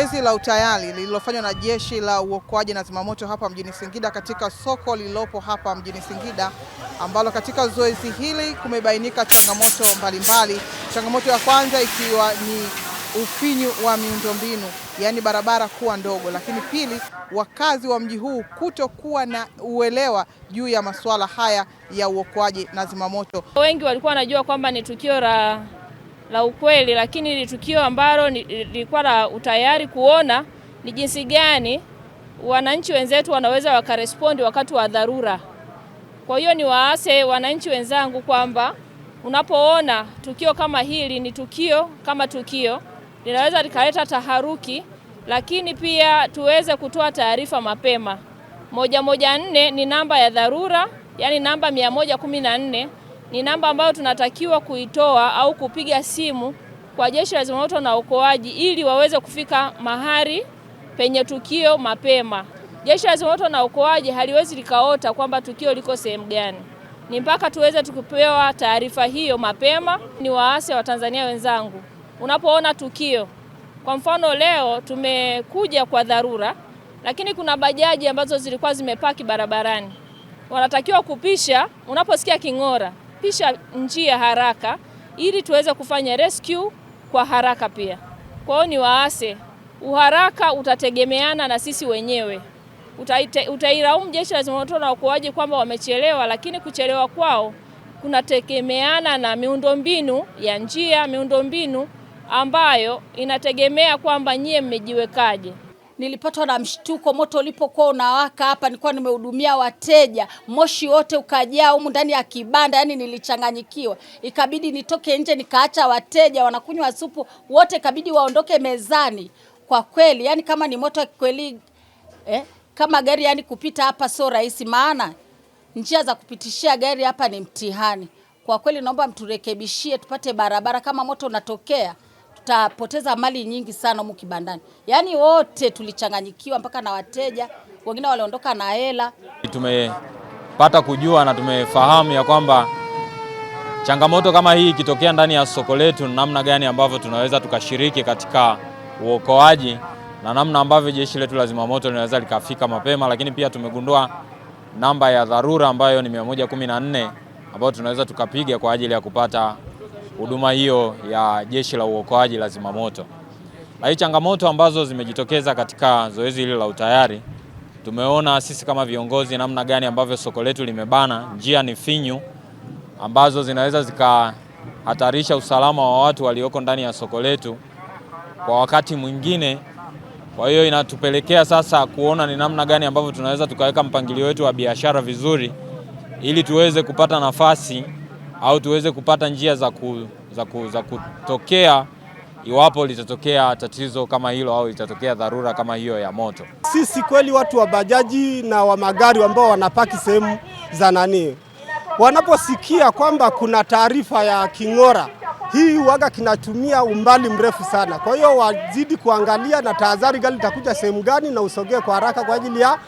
Zoezi la utayari lililofanywa na jeshi la uokoaji na zimamoto hapa mjini Singida katika soko lililopo hapa mjini Singida, ambalo katika zoezi hili kumebainika changamoto mbalimbali. Changamoto ya kwanza ikiwa ni ufinyu wa miundombinu, yaani barabara kuwa ndogo, lakini pili, wakazi wa mji huu kutokuwa na uelewa juu ya masuala haya ya uokoaji na zimamoto. Wengi walikuwa wanajua kwamba ni tukio la la ukweli, lakini ni tukio ambalo lilikuwa la utayari kuona ni jinsi gani wananchi wenzetu wanaweza wakarespondi wakati wa dharura. Kwa hiyo ni waase wananchi wenzangu kwamba unapoona tukio kama hili, ni tukio kama tukio linaweza likaleta taharuki, lakini pia tuweze kutoa taarifa mapema. Moja moja nne ni namba ya dharura, yaani namba mia moja kumi na nne ni namba ambayo tunatakiwa kuitoa au kupiga simu kwa Jeshi la Zimamoto na Uokoaji ili waweze kufika mahali penye tukio mapema. Jeshi la Zimamoto na Uokoaji haliwezi likaota kwamba tukio liko sehemu gani, ni mpaka tuweze tukipewa taarifa hiyo mapema. Ni waasi wa Tanzania wenzangu, unapoona tukio, kwa mfano leo tumekuja kwa dharura, lakini kuna bajaji ambazo zilikuwa zimepaki barabarani, wanatakiwa kupisha. Unaposikia king'ora kufupisha njia haraka ili tuweze kufanya rescue kwa haraka pia. Kwa hiyo ni waase, uharaka utategemeana na sisi wenyewe. utairaumu jeshi la zimamoto na uokoaji kwamba wamechelewa, lakini kuchelewa kwao kunategemeana na miundombinu ya njia, miundombinu ambayo inategemea kwamba nyie mmejiwekaje nilipatwa na mshtuko, moto ulipokuwa unawaka hapa, nilikuwa nimehudumia wateja, moshi wote ukajaa humu ndani ya kibanda, yani nilichanganyikiwa, ikabidi nitoke nje, nikaacha wateja wanakunywa supu wote, ikabidi waondoke mezani. Kwa kweli, yani kama ni moto kweli, eh, kama gari yani kupita hapa sio rahisi, maana njia za kupitishia gari hapa ni mtihani. Kwa kweli, naomba mturekebishie tupate barabara kama moto unatokea tutapoteza mali nyingi sana huko kibandani. Yaani wote tulichanganyikiwa, mpaka na wateja wengine waliondoka na hela. Tumepata kujua na tumefahamu ya kwamba changamoto kama hii ikitokea ndani ya soko letu, namna gani ambavyo tunaweza tukashiriki katika uokoaji na namna ambavyo jeshi letu la zimamoto linaweza likafika mapema, lakini pia tumegundua namba ya dharura ambayo ni 114 ambayo tunaweza tukapiga kwa ajili ya kupata huduma hiyo ya jeshi la uokoaji la zimamoto. Lakini changamoto ambazo zimejitokeza katika zoezi hili la utayari, tumeona sisi kama viongozi namna gani ambavyo soko letu limebana, njia ni finyu ambazo zinaweza zikahatarisha usalama wa watu walioko ndani ya soko letu kwa wakati mwingine. Kwa hiyo inatupelekea sasa kuona ni namna gani ambavyo tunaweza tukaweka mpangilio wetu wa biashara vizuri ili tuweze kupata nafasi au tuweze kupata njia za, ku, za, ku, za kutokea iwapo litatokea tatizo kama hilo au litatokea dharura kama hiyo ya moto. Sisi kweli watu wa bajaji na wa magari ambao wanapaki sehemu za nani, wanaposikia kwamba kuna taarifa ya king'ora hii waga kinatumia umbali mrefu sana. Kwa hiyo wazidi kuangalia na tahadhari, gari litakuja sehemu gani na usogee kwa haraka kwa ajili ya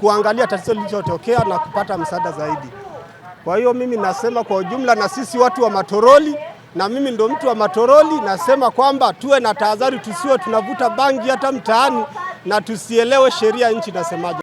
kuangalia tatizo lilichotokea na kupata msaada zaidi. Kwa hiyo mimi nasema kwa ujumla, na sisi watu wa Matoroli, na mimi ndo mtu wa Matoroli, nasema kwamba tuwe na tahadhari, tusiwe tunavuta bangi hata mtaani na tusielewe sheria nchi inasemaje.